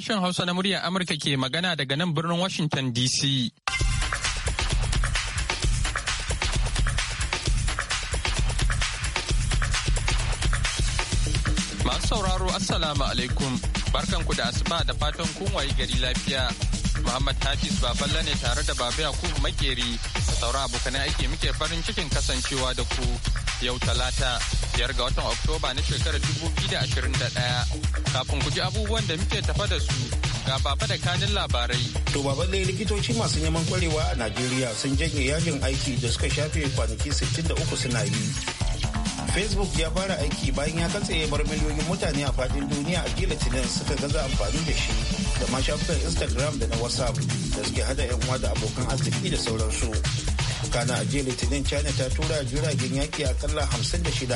Sashen Hausa na muryar Amurka ke magana daga nan birnin Washington DC. Masu sauraro Assalamu alaikum. Barkanku da asuba da fatan kun wayi gari lafiya. Muhammad Hafiz Baballa ne tare da Baba Yakubu Makeri da sauran abokanai aiki muke farin cikin kasancewa da ku yau talata biyar ga watan Oktoba na shekarar 2021 Kafin ku ji abubuwan da muke tafa da su ga baba da kanin labarai. To baba dai likitoci masu neman kwarewa a Najeriya sun janye yajin aiki da suka shafe kwanaki 63 suna yi. Facebook ya fara aiki bayan ya katse bar miliyoyin mutane a fadin duniya a kila tinin suka gaza amfani da shi da ma shafukan Instagram da na WhatsApp da suke hada 'yan uwa da abokan arziki da sauransu. amurka na jiya litinin china ta tura jiragen yaki a kalla 56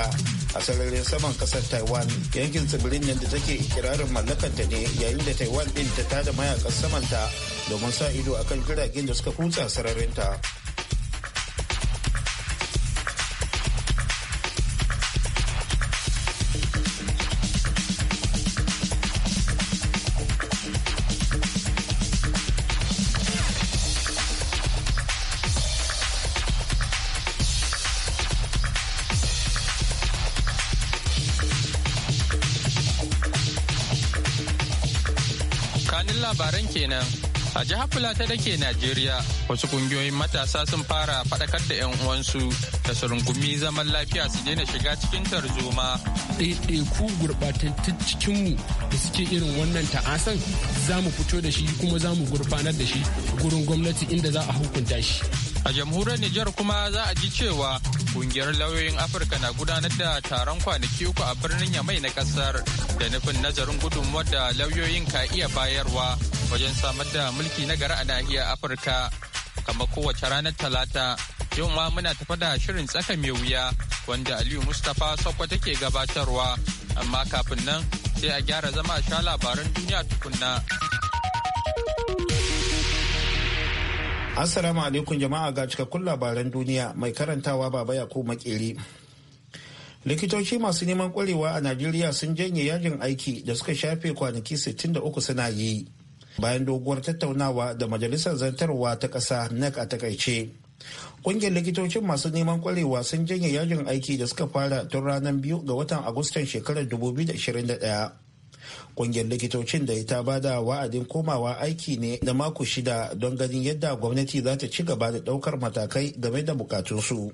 a sararin saman kasar taiwan yankin tsibirin nan da take ikirarin mallakanta ne yayin da taiwan din ta tada mayakan samanta domin sa ido akan jiragen da suka kutsa sararinta. kenan. A jihar Fulata da ke Najeriya, wasu kungiyoyin matasa sun fara faɗakar da 'yan uwansu da surungumi zaman lafiya su daina shiga cikin tarzoma. ku gurɓatattun cikinmu da suke irin wannan ta'asan za mu fito da shi kuma za mu gurfanar da shi gurin gwamnati inda za a hukunta shi. A jamhuriyar Nijar kuma za a ji cewa kungiyar lauyoyin Afirka na gudanar da taron kwanaki uku a birnin Yamai na kasar da nufin nazarin gudunmuwar da lauyoyin ka iya bayarwa wajen samar da mulki na gari a nahiyar Afirka kamar kowace ranar Talata. Yau ma muna tafa da shirin tsaka mai wuya wanda Aliyu Mustapha sokwa take gabatarwa. Amma kafin nan sai a gyara zama sha labaran duniya tukunna. Assalamu alaikum jama'a ga cikakkun labaran duniya mai karantawa baba ko Makeri. likitoci masu neman kwarewa a najeriya sun janye yajin aiki da suka shafe kwanaki 63 suna yi bayan doguwar tattaunawa da majalisar zantarwa ta ƙasa nec a takaice Ƙungiyar likitocin masu neman kwarewa sun janye yajin aiki da suka fara tun ranar biyu ga watan agustan shekarar 2021 Ƙungiyar likitocin da ta da wa'adin komawa aiki ne da mako shida don ganin yadda gwamnati za ta ci gaba da ɗaukar matakai game da bukatunsu.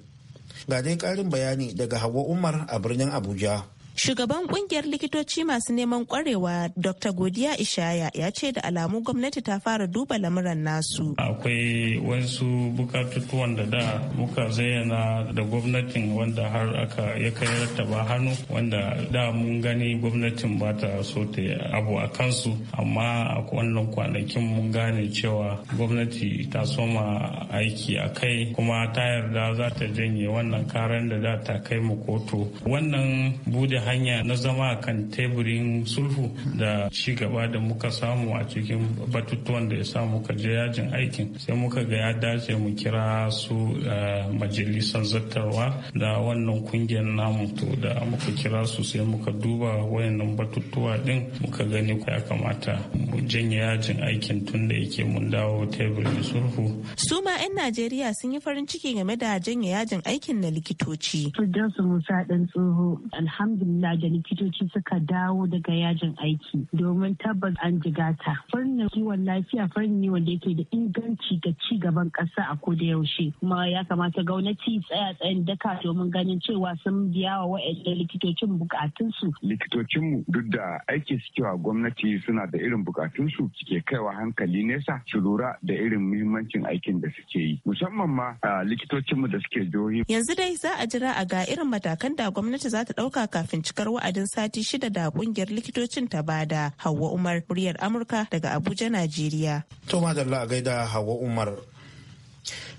Ga dai ƙarin bayani daga Hawa Umar a birnin Abuja. Shugaban kungiyar likitoci masu neman kwarewa Dr. Godiya Ishaya ya ce da alamu gwamnati ta fara duba lamuran nasu. Akwai wasu bukatutuwan da da muka zayyana da gwamnatin wanda har aka ya kai rattaba hannu wanda da mun gani gwamnatin ba ta so ta abu a kansu amma a wannan kwanakin mun gane cewa gwamnati ta soma aiki a kai kuma ta yarda za ta janye wannan karan da da ta kai mu kotu. Wannan bude hanya na zama kan teburin sulhu da ci gaba da muka samu a cikin batutuwan da ya sa muka je yajin aikin sai muka ga ya dace mu kira su eh, majalisar zattarwa da wannan kungiyar namu to da muka kira su sai muka duba wayannan batutuwa din muka gani ya kamata mu janye yajin aikin tun da yake mun dawo teburin sulhu su ma 'yan najeriya sun yi farin ciki game da janye yajin aikin na likitoci. Firdausu Musa ɗan tsoho alhamdulillah na da likitoci suka dawo daga yajin aiki domin tabbas an jiga ta Farnin kiwon lafiya farin ne wanda yake da inganci ga ci gaban ƙasa a koda yaushe kuma ya kamata gwamnati tsaya tsayin daka domin ganin cewa sun biya wa wayan likitocin bukatunsu. Likitocinmu duk da aiki suke wa gwamnati suna da irin bukatunsu suke kaiwa hankali nesa su lura da irin muhimmancin aikin da suke yi musamman ma likitocin likitocinmu da suke jihohi. Yanzu dai za a jira a ga irin matakan da gwamnati za ta ɗauka kafin kafin cikar wa'adin sati shida da kungiyar likitocin ta bada Hauwa Umar muryar Amurka daga Abuja, Najeriya. To madalla a gaida Hauwa Umar.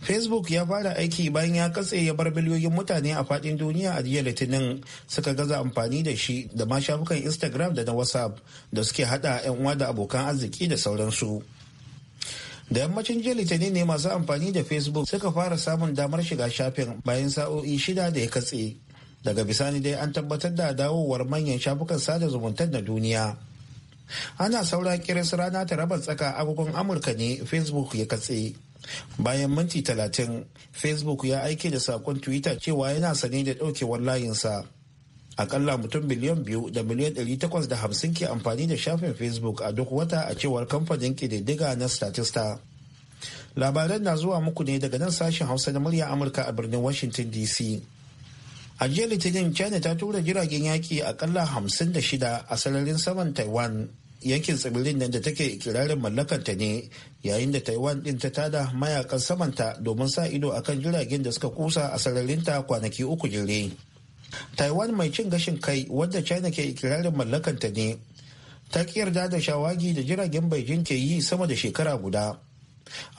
facebook ya fara aiki bayan ya katse ya bar biliyoyin mutane a fadin duniya a jiya litinin suka gaza amfani da shi da ma shafukan instagram da na whatsapp da suke hada yan uwa da abokan arziki da sauransu da yammacin jiya litinin ne masu amfani da facebook suka fara samun damar shiga shafin bayan sa'o'i shida da ya katse daga bisani dai an tabbatar da dawowar manyan shafukan sada zumunta na duniya ana saura kiris rana ta raba tsaka agogon amurka ne facebook ya katse bayan minti talatin facebook ya aike da sakon twitter cewa yana sane da ɗaukewar layinsa akalla mutum biliyan biyu da miliyan ɗari takwas da hamsin ke amfani da shafin facebook a duk wata a cewar kamfanin ƙididdiga na statista labaran na zuwa muku ne daga nan sashen hausa na murya amurka a birnin washington dc a jiya litinin china ta tura jiragen yaki akalla hamsin da shida a sararin saman taiwan yankin tsibirin nan da take ikirarin mallakanta ne yayin da taiwan din ta tada mayakan samanta domin sa ido akan jiragen da suka kusa a sararin ta kwanaki uku jere taiwan mai cin gashin kai wadda china ke ikirarin mallakanta ne ta yarda da shawagi da jiragen beijing ke yi sama da shekara guda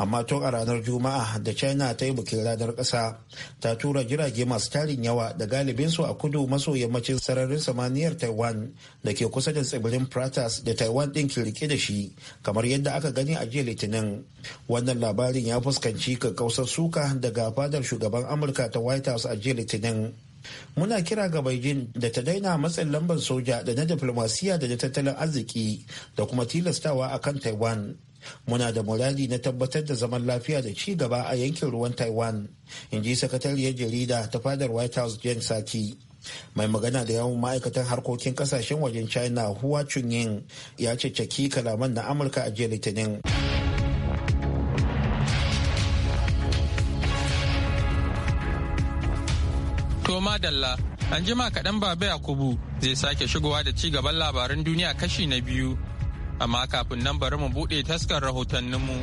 amma tun a ranar juma'a da china ta yi bikin ranar ƙasa ta tura jirage masu tarin yawa da galibinsu a kudu maso yammacin sararin samaniyar taiwan da ke kusa da tsibirin pratas da taiwan ɗin ke rike da shi kamar yadda aka gani a jiya litinin wannan labarin ya fuskanci kakkausar suka daga fadar shugaban amurka ta white house a jiya litinin muna kira ga Beijing da ta daina matsin lambar soja da na diplomasiya da na tattalin arziki da kuma tilastawa akan Taiwan muna da muradi na tabbatar da zaman lafiya da ci gaba a yankin ruwan taiwan in ji sakatariyar jarida ta fadar white house jen saki mai magana da yawan ma'aikatan harkokin kasashen wajen china huwa chunyin ya cecaki kalaman na amurka a jiya litinin to madalla an jima kaɗan baba yakubu zai sake shigowa da ci gaban labaran duniya kashi na biyu Amma kafin nan bari mu buɗe taskar rahotanninmu.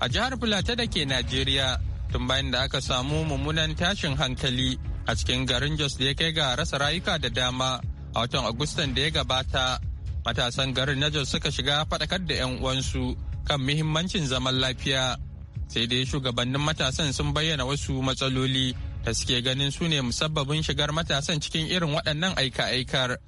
A jihar Filata da ke Najeriya, tun bayan da aka samu mummunan tashin hankali a cikin garin Jos da ya kai ga rasa rayuka da dama a watan Agustan da ya gabata. Matasan garin na Jos suka shiga faɗakar da 'yan uwansu kan muhimmancin zaman lafiya. Sai dai shugabannin matasan sun bayyana wasu matsaloli da suke ganin su ne musabbabin shigar matasan cikin irin waɗannan aika-aikar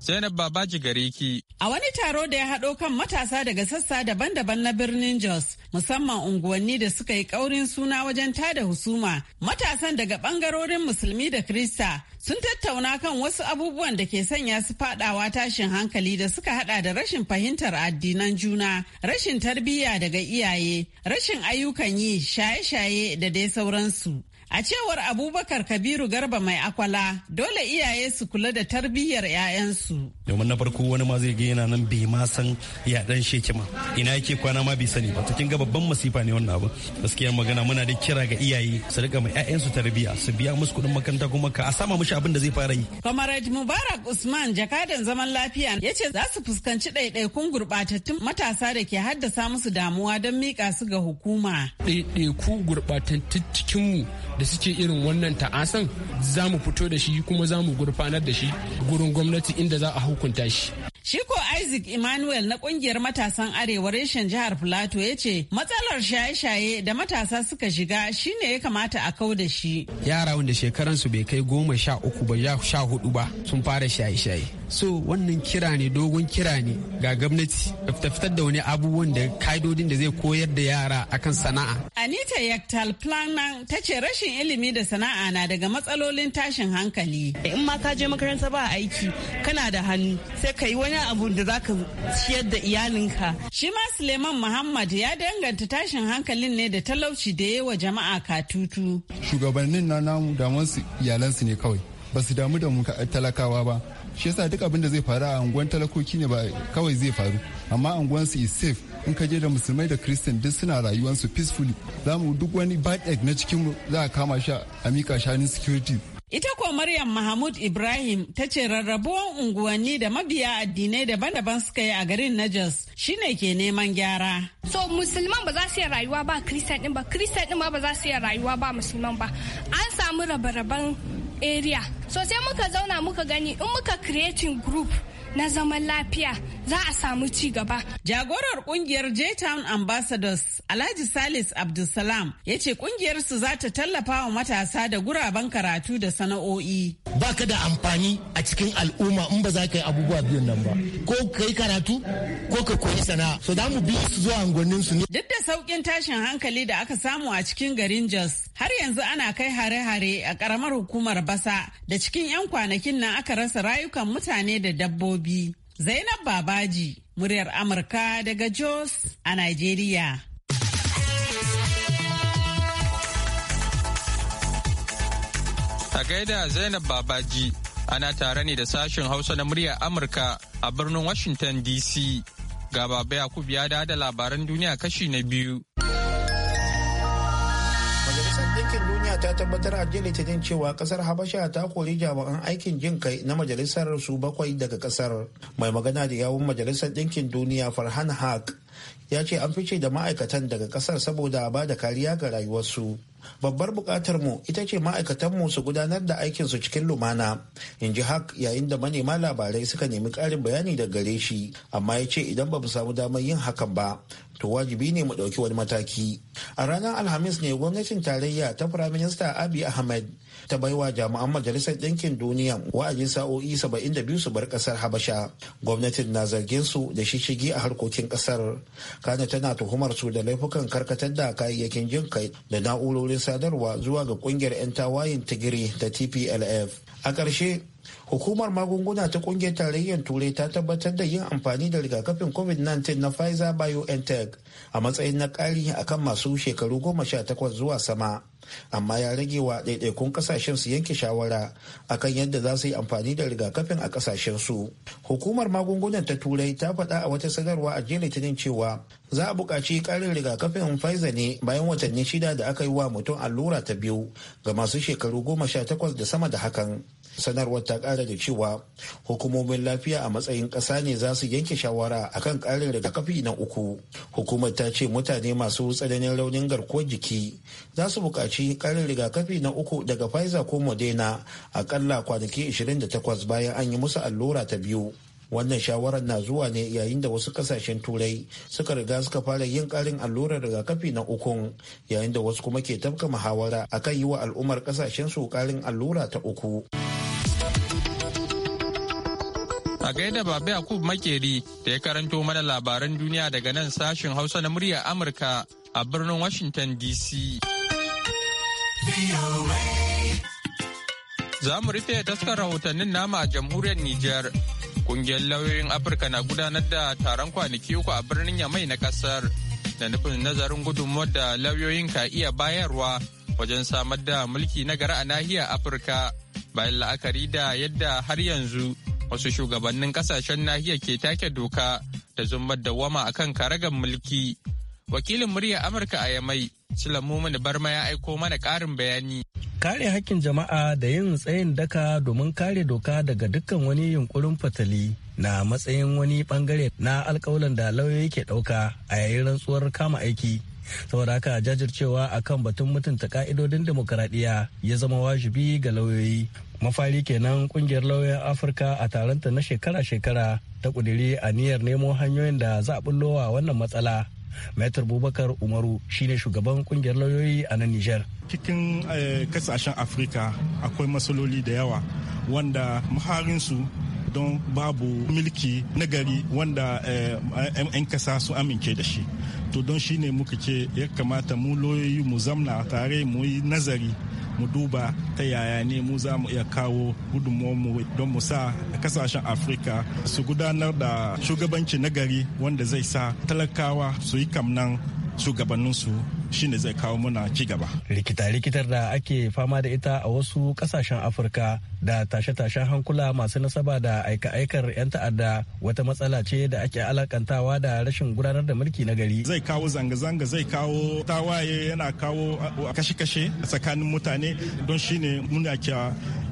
Zainab Babaji Gariki. A wani taro da ya haɗo kan matasa daga sassa daban-daban na birnin Jos, musamman unguwanni da suka yi ƙaurin suna wajen tada husuma, matasan daga ɓangarorin musulmi da Krista sun tattauna kan wasu abubuwan da ke sanya su faɗawa tashin hankali da suka haɗa da rashin fahimtar addinan juna, rashin tarbiyya daga iyaye, rashin ayyukan yi, shaye-shaye da dai sauransu. A cewar Abubakar Kabiru Garba mai akwala, dole iyaye su kula da tarbiyyar 'ya'yansu. Domin na farko wani ma zai ga yana nan bai ma san ya dan ma. Ina yake kwana ma bai sani ba. Cikin ga babban masifa ne wannan abu. Gaskiyar magana muna da kira ga iyaye su rika mai 'ya'yansu tarbiyya, su biya musu kuɗin makaranta kuma ka a sama musu abin da zai fara yi. Comrade Mubarak Usman jakadan zaman lafiya ya ce za su fuskanci ɗaiɗaikun gurɓatattun matasa da ke haddasa musu damuwa don miƙa su ga hukuma. Ɗaiɗaiku gurɓatattun cikinmu da suke irin wannan ta'asan za mu fito da shi kuma za mu gurfanar da shi gurin gwamnati inda za a hukunta shi Shiko Isaac Emmanuel na kungiyar matasan arewa reshen jihar Plateau ya ce matsalar shaye-shaye da matasa suka shiga shine ya kamata a kau da shi. Yara wanda shekaransu bai kai goma sha uku ba sha hudu ba sun fara shaye-shaye. So wannan kira ne dogon kira ne ga gwamnati ta fitar da wani abubuwan da ka'idodin da zai koyar da yara akan sana'a. Anita Yaktal Planan ta ce rashin ilimi da sana'a na daga matsalolin tashin hankali. In ma ka je makaranta ba aiki kana da hannu sai ka yi wani abun da za ka ciyar da iyalinka shi ma suleiman muhammad ya danganta tashin hankalin ne da talauci da yawa jama'a katutu shugabannin na namu damansu iyalansu ne kawai ba su damu da mu talakawa ba shi yasa duk abin da zai faru a unguwan talakoki ne ba kawai zai faru amma unguwan su is safe in ka je da musulmai da kristan duk suna rayuwansu peacefully za mu duk wani bad egg na cikin za a kama shi a mika shanin security Ita ko Maryam Mahmud Ibrahim ta ce rarrabuwan unguwanni da mabiya addinai daban-daban suka yi a garin na Jos shine ke neman gyara. So musulman ba za su yi rayuwa ba kristan din ba, kristan din ma ba za su yi rayuwa ba musulman ba. An samu rabe-raben area. So sai muka zauna muka gani in muka creating group na zaman lafiya za a samu ci gaba. Jagorar kungiyar J-Town Ambassadors Alhaji Salis Abdulsalam ya ce kungiyarsu za ta tallafa wa matasa da guraben karatu da sana'o'i. Ba ka da amfani a cikin al'umma in ba za ka yi abubuwa biyun nan ba. Ko ka yi karatu ko ka koyi sana'a. So za mu bi su zuwa angonin su ne. Duk da saukin tashin hankali da aka samu a cikin garin Jos, har yanzu ana kai hare-hare a karamar hukumar Basa da cikin 'yan kwanakin nan aka rasa rayukan mutane da dabbobi. Zainab Babaji, muryar Amurka daga Jos a Najeriya. A gaida Zainab Babaji, ana tare ne da sashen Hausa na muryar Amurka a birnin Washington DC. Ga Baba ku ya da labaran duniya kashi na biyu. ta tabbatar a jiya litinin cewa kasar habasha ta kori jami'an aikin jin kai na majalisar su bakwai daga kasar mai magana da yawun majalisar ɗinkin duniya farhan haq ya ce an fice da ma'aikatan daga kasar saboda ba da kariya ga rayuwarsu babbar bukatar mu ita ce ma'aikatanmu su gudanar da aikinsu cikin lumana in ji hak yayin da manema labarai suka nemi ƙarin bayani daga gare shi amma ya ce idan ba mu samu damar yin hakan ba to wajibi ne mu ɗauki wani mataki a ranar alhamis ne gwamnatin tarayya ta firaminista abi ahmed ta baiwa jami'an majalisar ɗinkin duniya wa'azin sa'o'i 72 su bar ƙasar habasha gwamnatin na zargin su da shishigi a harkokin ƙasar kana tana tuhumar su da laifukan karkatar da kayayyakin jin kai da na'urorin sadarwa zuwa ga ƙungiyar 'yan tawayin tigiri ta tplf a ƙarshe hukumar magunguna ta kungiyar tarayyar turai ta tabbatar da yin amfani da rigakafin covid-19 na pfizer biontech a matsayin na ƙari akan masu shekaru goma sha takwas zuwa sama amma ya rage wa ɗaiɗaikun ƙasashen su yanke shawara akan yadda za su yi amfani da rigakafin a ƙasashen su hukumar magungunan ta turai ta faɗa a wata sanarwa a jiya litinin cewa za a buƙaci ƙarin rigakafin pfizer ne bayan watanni shida da aka yi wa mutum allura ta biyu ga masu shekaru goma sha takwas da sama da hakan sanarwar ta kara da cewa hukumomin lafiya a matsayin kasa ne za su yanke shawara akan ƙarin rigakafi na uku hukumar ta ce mutane masu tsananin raunin garkuwar jiki za su buƙaci karin rigakafi na uku daga pfizer ko modena akalla kwanaki 28 bayan an yi musu allura ta biyu wannan shawarar na zuwa ne yayin da wasu kasashen turai suka riga suka fara yin karin allurar rigakafi na ukun yayin da wasu kuma ke tafka muhawara akan yi wa al'ummar kasashen su karin allura ta uku. A gaida Baba Yakub Makeri da ya karanto mana labaran duniya daga nan sashen Hausa na muryar Amurka a birnin Washington DC. Za mu rufe taskar rahotannin nama a jamhuriyar Nijar. Kungiyar lauyoyin Afirka na gudanar da taron kwanaki uku a birnin Yamai na kasar da nufin nazarin gudunmuwar da lauyoyin ka iya bayarwa wajen samar da mulki na gari a nahiyar Afirka bayan la'akari da yadda har yanzu wasu shugabannin kasashen nahiya ke take doka da da wama a kan karagar mulki wakilin murya amurka a yamai silamu barma ya aiko mana karin bayani kare hakkin jama'a da yin tsayin daka domin kare doka daga dukkan wani yunkurin fatali na matsayin wani bangare na alkawalan da lauyoyi ke ɗauka a yayin rantsuwar kama aiki saboda haka jajircewa akan batun mutunta ka'idodin demokaradiyya ya zama wajibi ga lauyoyi mafari kenan kungiyar lauyan afirka a taronta na shekara-shekara ta kudiri niyyar nemo hanyoyin da za a bullowa wannan matsala maitar bubakar umaru shine shugaban kungiyar lauyoyi a nan nijar cikin eh, kasashen afirka akwai matsaloli da yawa wanda maharinsu don babu milki na gari wanda 'yan eh, kasa su amince da shi to don shi ne muka ce ya kamata mu loyoyi mu zamna tare mu yi nazari mu duba ta yaya ne mu za mu iya kawo mu don mu sa kasashen afirka su gudanar da shugabanci nagari wanda zai sa talakawa su yi kamnan shugabanninsu shine zai kawo muna ci gaba. Rikita-rikitar da ake fama da ita a wasu kasashen Afirka da tashe-tashen hankula masu nasaba da aika-aikar 'yan ta'adda wata matsala ce da ake alakantawa da rashin gudanar da mulki na gari. Zai kawo zanga-zanga zai kawo tawaye yana kawo kashe-kashe tsakanin mutane don shine muna kya.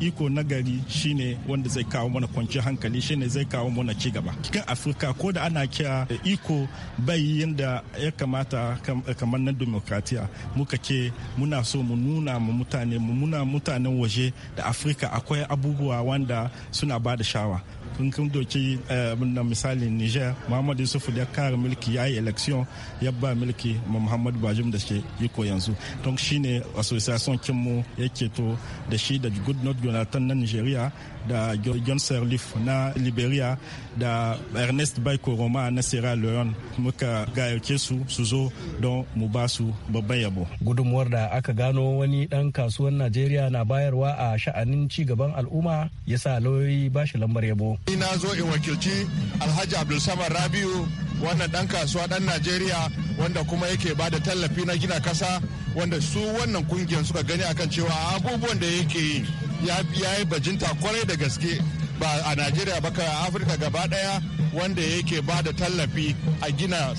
iko na gari shine wanda zai kawo mana kwanciyar hankali shine zai kawo mana ci gaba cikin afirka ko da ana kira iko bai yadda ya kamata kamar na demokratiya muka ce muna so mu nuna mu mutane mu muna mutanen waje da afirka akwai abubuwa wanda suna ba da shawa kun kun doki eh, na misalin niger muhammadu yusuf da kare mulki ya yi election ya ba mulki ma Muhammadu bajum da ke iko yanzu don shine association kinmu yake to da shi da good not jonathan na nigeria da john sirleaf na liberia da ernest baiko roma na sierra leone muka gayyace su su zo don mu ba su babban yabo gudunmuwar da aka gano wani ɗan kasuwar najeriya na bayarwa a sha'anin ci gaban al'umma ya sa lauyoyi ba shi lambar yabo ni na zo in wakilci alhaji abdulsamad rabiu wannan dan kasuwa dan najeriya wanda kuma yake ba da tallafi na gina kasa wanda su wannan kungiyar suka gani akan cewa abubuwan da yake yi ya yi bajinta kwarai da gaske ba a najeriya ba a afirka gaba daya wanda yake ba da tallafi a gina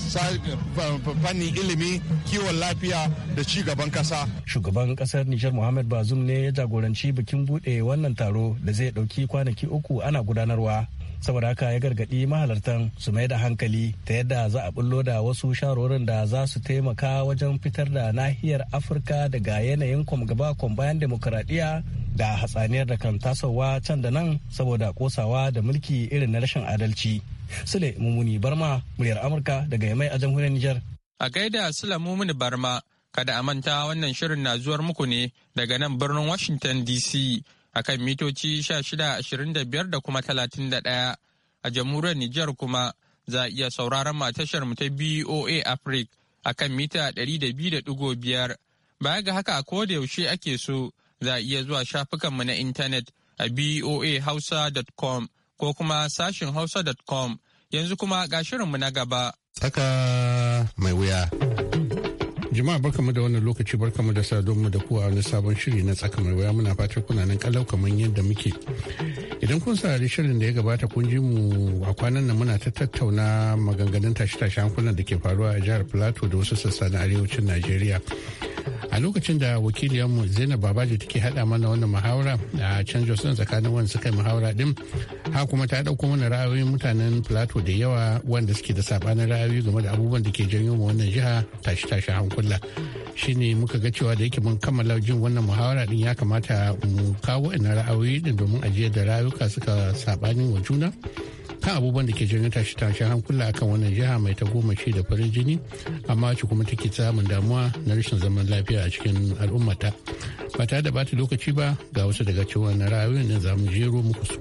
fannin ilimi kiwon lafiya da ci gaban kasa shugaban kasar nijar muhammad bazum ne ya jagoranci bikin bude wannan taro da zai dauki kwanaki uku ana gudanarwa saboda haka ya gargaɗi mahalartan su mai da hankali ta yadda za a bullo da wasu shawarorin da za su taimaka wajen fitar da nahiyar afirka daga yanayin kwamgaba bayan demokuraɗiyya da hatsaniyar da kan tasowa can da nan saboda kosawa da mulki irin na rashin adalci sule mumuni barma muryar amurka daga yamai a jamhuriyar nijar a gaida sule mumuni barma kada a manta wannan shirin na zuwar muku ne daga nan birnin washington dc akan mitoci 1625 da kuma 31 a jamhuriyar Nijar kuma za a iya sauraron matashar mu ta BOA Africa a kan mita 200.5 baya ga haka a koda yaushe ake so za a iya zuwa shafukanmu na intanet a boahausa.com ko kuma sashin hausa.com yanzu kuma ga shirinmu na gaba. Tsaka mai wuya. Jama'a barkamu da wannan lokaci barkamu da sadonmu da kuwa wani sabon shiri na tsakamar waya muna fatar kuna nan kalau kamar yadda muke. Idan kun saurari shirin da ya gabata kun ji mu a kwanan nan muna ta tattauna maganganun tashe-tashen hankulan da ke faruwa a jihar Plateau da wasu sassa na arewacin Najeriya. a lokacin da wakiliyarmu zainab babaji take haɗa mana wannan muhawara a can jos tsakanin wanda suka yi muhawara din ha kuma ta ɗauko mana ra'ayoyin mutanen plato da yawa wanda suke da sabanin ra'ayoyi game da abubuwan da ke janyo mu wannan jiha tashi tashi hankula shine muka ga cewa da yake mun kammala jin wannan muhawara din ya kamata mu kawo ina ra'ayoyi din domin ajiyar da rayuka suka sabanin wa juna kan abubuwan da ke janyo tashi tashi hankula akan wannan jiha mai ta goma ce da farin jini amma ci kuma take samun damuwa na rashin zaman lafiya a cikin al'ummata ba tare da bata lokaci ba ga wasu daga cewa na rayuwa ne zamu jero muku su.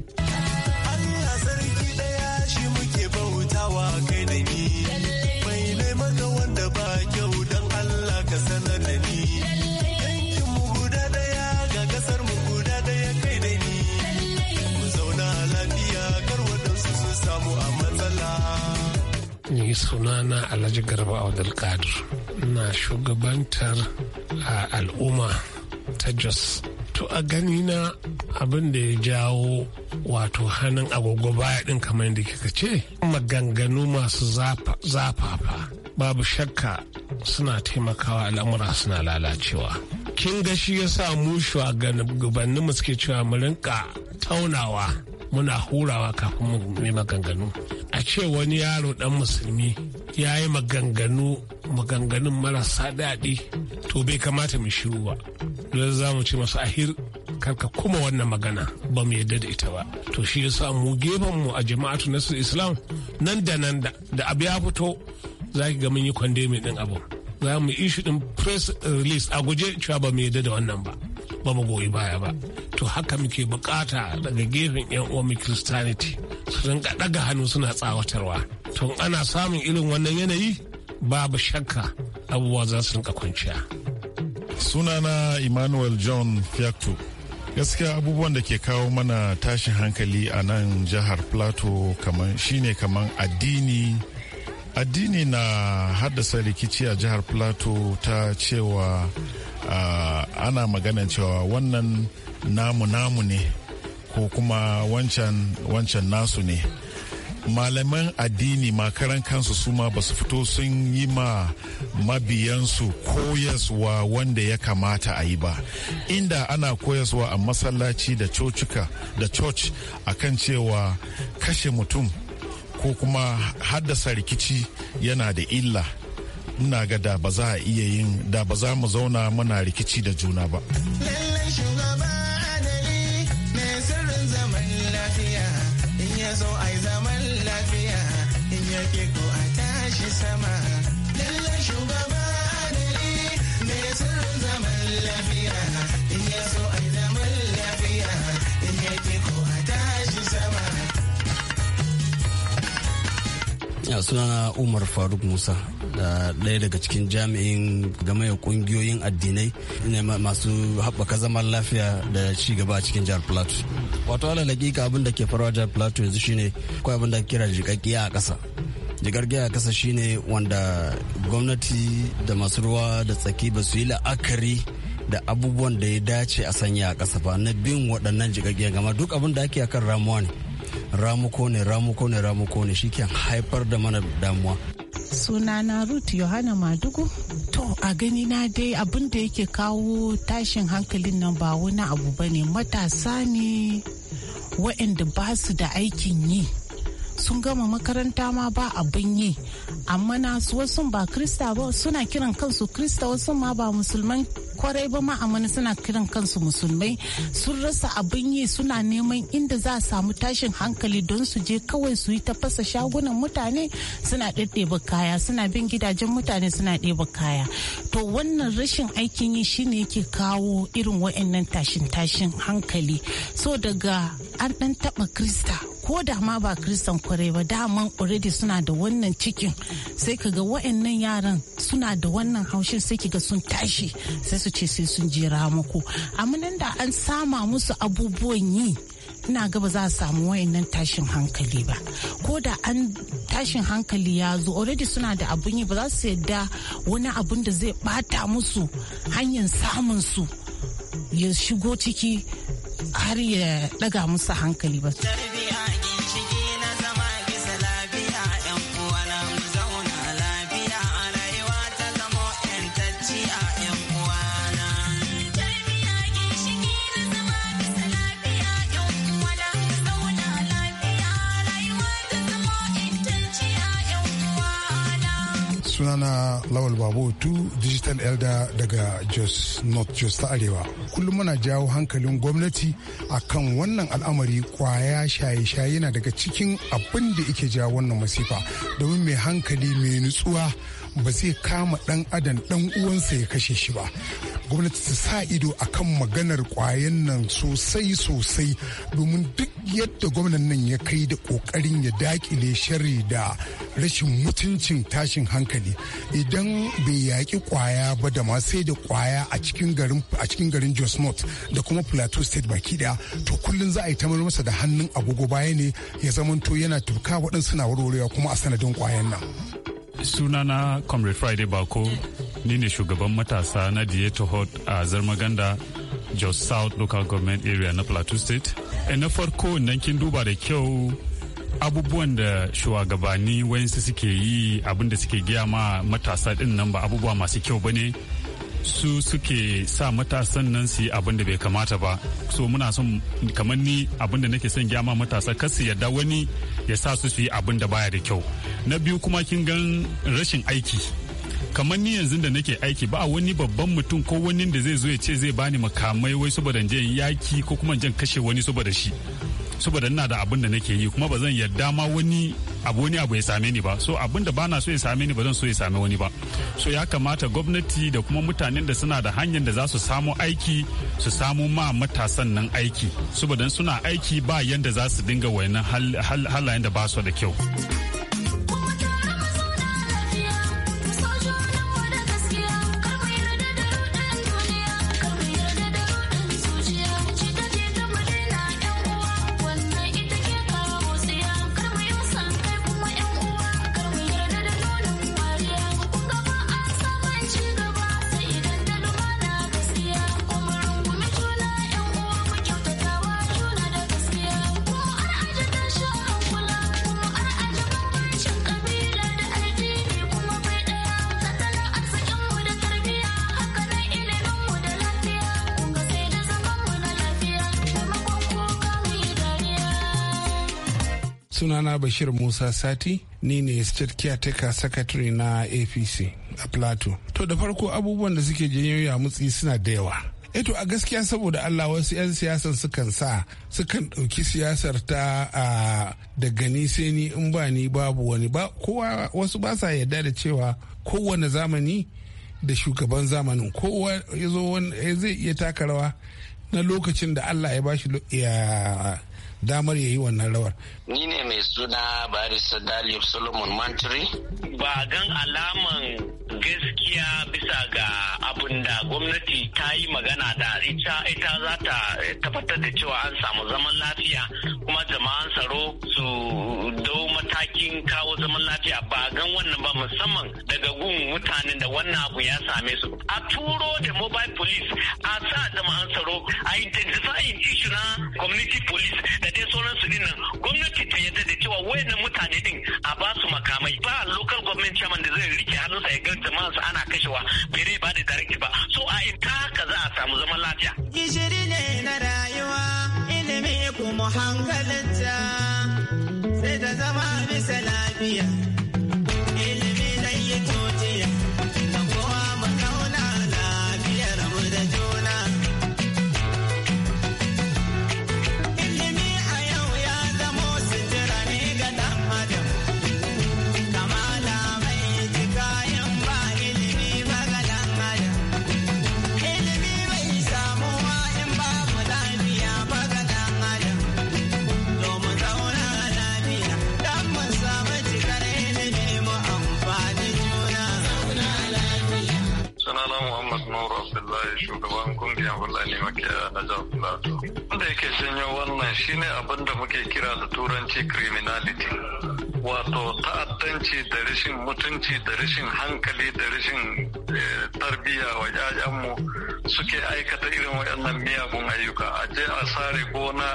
sunana alhaji garba abdulkadir na shugabantar a al'umma ta jos to a gani na abin da ya jawo wato hannun agogo baya din kamar yadda kika ce maganganu masu zafafa babu shakka suna taimakawa al'amura suna lalacewa kin ga shi ya sa mu shugabanni mu suke cewa mu rinka taunawa muna hurawa kafin mu maganganu ce wani yaro dan musulmi ya yi maganganu maganganun marasa daɗi to bai kamata mu shiru ba don za mu ci masu ahir karka kuma wannan magana ba mu yadda da ita ba to shi yasa mu gefen mu a jama'atu nasir islam nan da nan da abu ya fito za ki ga mun yi mai din abu za mu yi shi din press release a guje cewa ba mu yadda da wannan ba ba mu goyi baya ba to haka muke bukata daga gefen yan uwan mu christianity su rinka daga hannu suna tsawatarwa to ana samun irin wannan yanayi babu shakka abubuwa za su rinka kwanciya sunana emmanuel john fiacto gaskiya abubuwan da ke kawo mana tashin hankali a nan jihar plateau kamar shine kamar addini addini na haddasa rikici a jihar plateau ta cewa uh, ana maganan cewa wannan namu namu ne ko kuma wancan wancan nasu ne malaman addini makaran kansu su ma ba su fito sun yi ma mabiyansu koyaswa wanda ya kamata a yi ba inda ana koyaswa a masallaci da cocuka da church kan cewa kashe mutum ko kuma haddasa rikici yana da illa ina ga da ba za a iya yin da ba za mu zauna muna rikici da juna ba. so ai zaman lafiya in yake ko a tashi sama lallan shugaba adali ne sirrin zaman lafiya in ya so ai zaman lafiya in yake ko a tashi sama ya sunana umar faruk musa ɗaya daga cikin jami'in game da ƙungiyoyin addinai ne masu haɓaka zaman lafiya da ci gaba a cikin jihar plateau wato ala lakika abin da ke faruwa jihar plateau yanzu shine kawai abin da kira jiƙaƙƙiya a ƙasa jigargiya a ƙasa shine wanda gwamnati da masu ruwa da tsaki ba su yi la'akari da abubuwan da ya dace a sanya a ƙasa ba na bin waɗannan jigaggiyar gama duk abin da ake kan ramuwa ne ramuko ne ramuko ne ramuko ne shi haifar da mana damuwa sunana ruth yohana madugu to a gani na dai abin da yake kawo tashin hankalin nan ba wani abu bane matasa ne waɗanda ba su da aikin yi sun gama makaranta ma ba abin yi amma na wasu ba krista ba suna kiran kansu krista wasu ma ba musulman kwarai ba ma amma suna kiran kansu musulmai sun rasa abin yi suna neman inda za a samu tashin hankali don su je kawai su yi tafasa shagunan mutane suna ɗaɗɗeba kaya suna bin gidajen mutane suna ɗeba kaya to wannan rashin aikin yi shine yake kawo irin wa'annan tashin tashin hankali so daga an ɗan taɓa krista ko da ma ba kristan kwarai ba daman already suna da wannan cikin sai ka ga wa'annan yaran suna da wannan haushin sai ga sun tashi sai su ce sai sun jira muku amma nan da an sama musu abubuwan yi ina ga ba za a samu wayannan tashin hankali ba ko da an tashin hankali ya zo already suna da abun yi ba za su yadda wani abun da zai bata musu hanyar samun su ya shigo ciki har ya daga musu hankali ba. sunana Lawal babu tu Digital Elder daga Jos North Jos ta Arewa. Kullum muna jawo hankalin gwamnati a kan wannan al'amari kwaya shaye-shaye yana daga cikin abin da ike jawo wannan masifa domin mai hankali mai nutsuwa ba zai kama dan adam dan uwansa ya kashe shi ba gwamnati ta sa ido a kan maganar kwayan nan sosai sosai domin duk yadda gwamnan nan ya kai da kokarin ya dakile sharri da rashin mutuncin tashin hankali idan bai yaƙi kwaya ba da ma sai da kwaya a cikin garin Jos North da kuma Plateau State baki daya to kullum za a yi ta masa da hannun agogo baya ne ya zamanto yana turka waɗansu na warwarewa kuma a sanadin kwayan nan sunana comrade friday bako ni ne shugaban matasa na Dieto Hot a Zarmaganda, Jos South Local Government Area na Plateau State. E na farko nan kin duba da kyau abubuwan da shugabanni wayansu suke yi abin da suke giya ma matasa din nan ba abubuwa masu kyau ba ne su suke sa matasan nan su yi abin da bai kamata ba so muna son kamar ni abin da nake son gyama matasa kar su yarda wani ya sa su su yi abin da baya da kyau na biyu kuma kin gan rashin aiki kamar ni yanzu da nake aiki ba wani babban mutum ko wani da zai zo ya ce zai bani makamai wai saboda je yaki ko kuma jan kashe wani saboda shi saboda ina da abin da nake yi kuma ba zan yarda ma wani abu wani abu ya same ni ba so abin da bana so ya same ni ba zan so ya same wani ba so ya kamata gwamnati da kuma mutanen da suna da hanyar da za su samu aiki su samu ma matasan nan aiki saboda suna aiki ba yanda za su dinga wayannan halayen da ba su da kyau. sunana bashir musa sati ni ne state caretaker secretary na apc a plateau to da farko abubuwan da suke janyo mutsi suna da yawa eto eh a gaskiya saboda allah wasu 'yan siyasan sukan sa sukan ɗauki siyasar ta a daga ni sai ni in ba ni babu wani ba kowa wasu ba sa yarda da cewa kowane zamani da shugaban zamanin kowa ya zo eh, zai iya taka rawa na lokacin da allah ya bashi ya damar ya yi wannan rawar. Ni ne mai suna Barista Daliyar Solomon Mantri. Ba gan alaman gaskiya bisa ga abin da gwamnati ta yi magana da ita ita za ta tabbatar da cewa an samu zaman lafiya kuma jama'an tsaro su dau matakin kawo zaman lafiya ba gan wannan ba musamman daga gun mutanen da wannan abu ya same su a turo da mobile police a sa jama'an tsaro a identify issue na community police da dai sauransu su nan gwamnati ta yadda da cewa wayannan mutane din a ba su makamai ba local government chairman da zai rike hannunsa ya ga jama'an ana kashewa hankalin Halima ke Najar Wanda yake janyo wannan shine abin da muke kira da turanci criminality. Wato ta'addanci da rashin mutunci da rashin hankali da rashin eh, tarbiyya wa 'ya'yanmu suke aikata irin waɗannan miyagun ayyuka a je a sare gona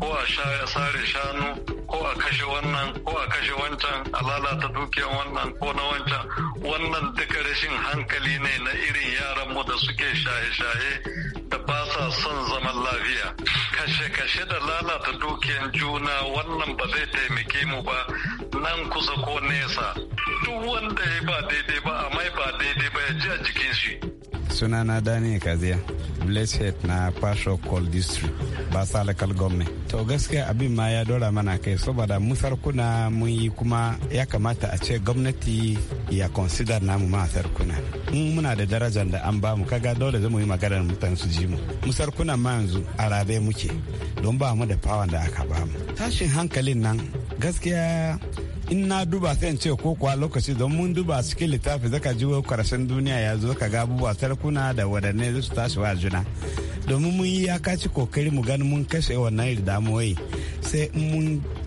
ko a sare shanu ko a kashe wannan ko a kashe wancan a lalata dukiyan wannan ko na wancan wannan duka rashin hankali ne na irin yaranmu da suke shaye-shaye da ba sa son zaman lafiya kashe-kashe da lalata dukiyan juna wannan ba zai taimake mu ba nan kusa ko nesa duk wanda ya ba daidai ba a mai ba daidai ba ya ji a jikin shi sunana daniel kaziya blessed na pasho call district ba salakal to gaskiya abin ma ya dora mana kai saboda mu sarkuna mun yi kuma ya kamata a ce gwamnati ya consider na mu ma sarkuna in muna da darajar da an bamu kaga dole zamu yi maganar mutan su ji mu mu sarkuna ma yanzu arabe muke don ba mu da fawan da aka bamu tashin hankalin nan gaskiya in na duba sai in ce ko kuwa lokaci don mun duba cikin littafi zaka ji karshen duniya ya zo ka ga abubuwa sarkuna da wadanne su tashi wa juna domin mun yi yakaci kokari mu gani mun kashe wannan damuwoyi sai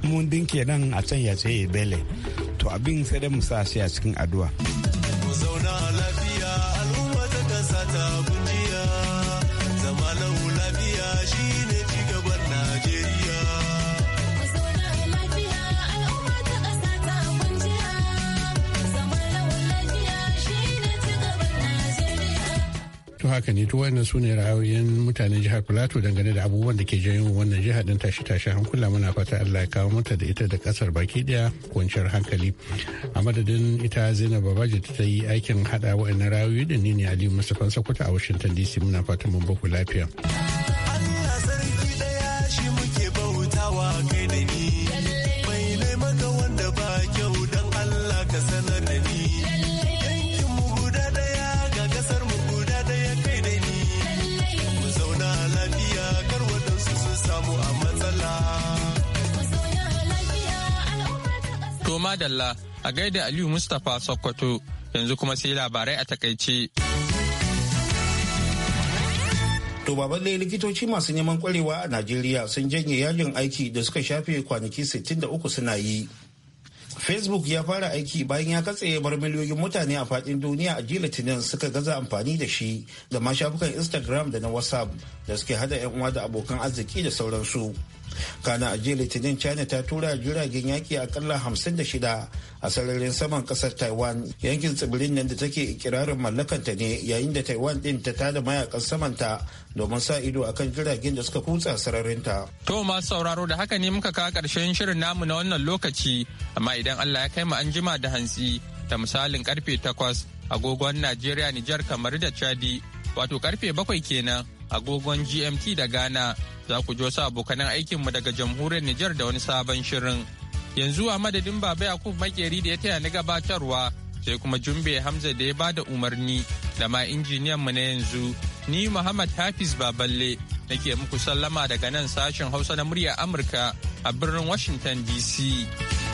mun dinke nan a can ya ce eh, bele to abin sai dai mu sa shi a cikin addu'a. haka ne to wannan su ne ra'ayoyin mutanen jihar plateau dangane da abubuwan da ke janyo wannan jihar din tashi tashi hankula muna fata allah ya kawo mata da ita da kasar baki daya kwanciyar hankali a madadin ita zainab babaji ta yi aikin hada wa'annan ra'ayoyi din ne aliyu mustapha sokoto a washington dc muna fata mun baku lafiya. madalla a gaida Aliyu Mustapha Sokoto yanzu kuma sai labarai a takaice. To baban da likitoci masu neman kwarewa a Najeriya sun janye yajin aiki da suka shafe kwanaki 63 suna yi. Facebook ya fara aiki bayan ya katse bar miliyoyin mutane a fadin duniya a jiya Litinin suka gaza amfani da shi da ma shafukan Instagram da na WhatsApp da suke hada 'yan uwa da abokan arziki da sauransu. kana a jiya litinin china ta tura jiragen yaki akalla 56 a sararin saman kasar taiwan yankin tsibirin nan da take ikirarin mallakanta ne yayin da taiwan din ta tada mayakan samanta domin sa ido a kan jiragen da suka kutsa ta to masu sauraro da haka ne muka kawo karshen shirin namu na wannan lokaci amma idan allah ya kai mu an jima da hantsi da misalin karfe 8 agogon najeriya nijar kamar da chadi wato karfe 7 kenan agogon gmt da ghana za ku ji wasu abokanan aikinmu daga jamhuriyar Nijar da wani sabon shirin. Yanzu a madadin Baba Yakub Makeri da ya taya ni gabatarwa sai kuma Jumbe Hamza da ya ba da umarni da ma injiniyan mu na yanzu ni Muhammad Hafiz Baballe nake muku sallama daga nan sashen Hausa na murya Amurka a birnin Washington DC.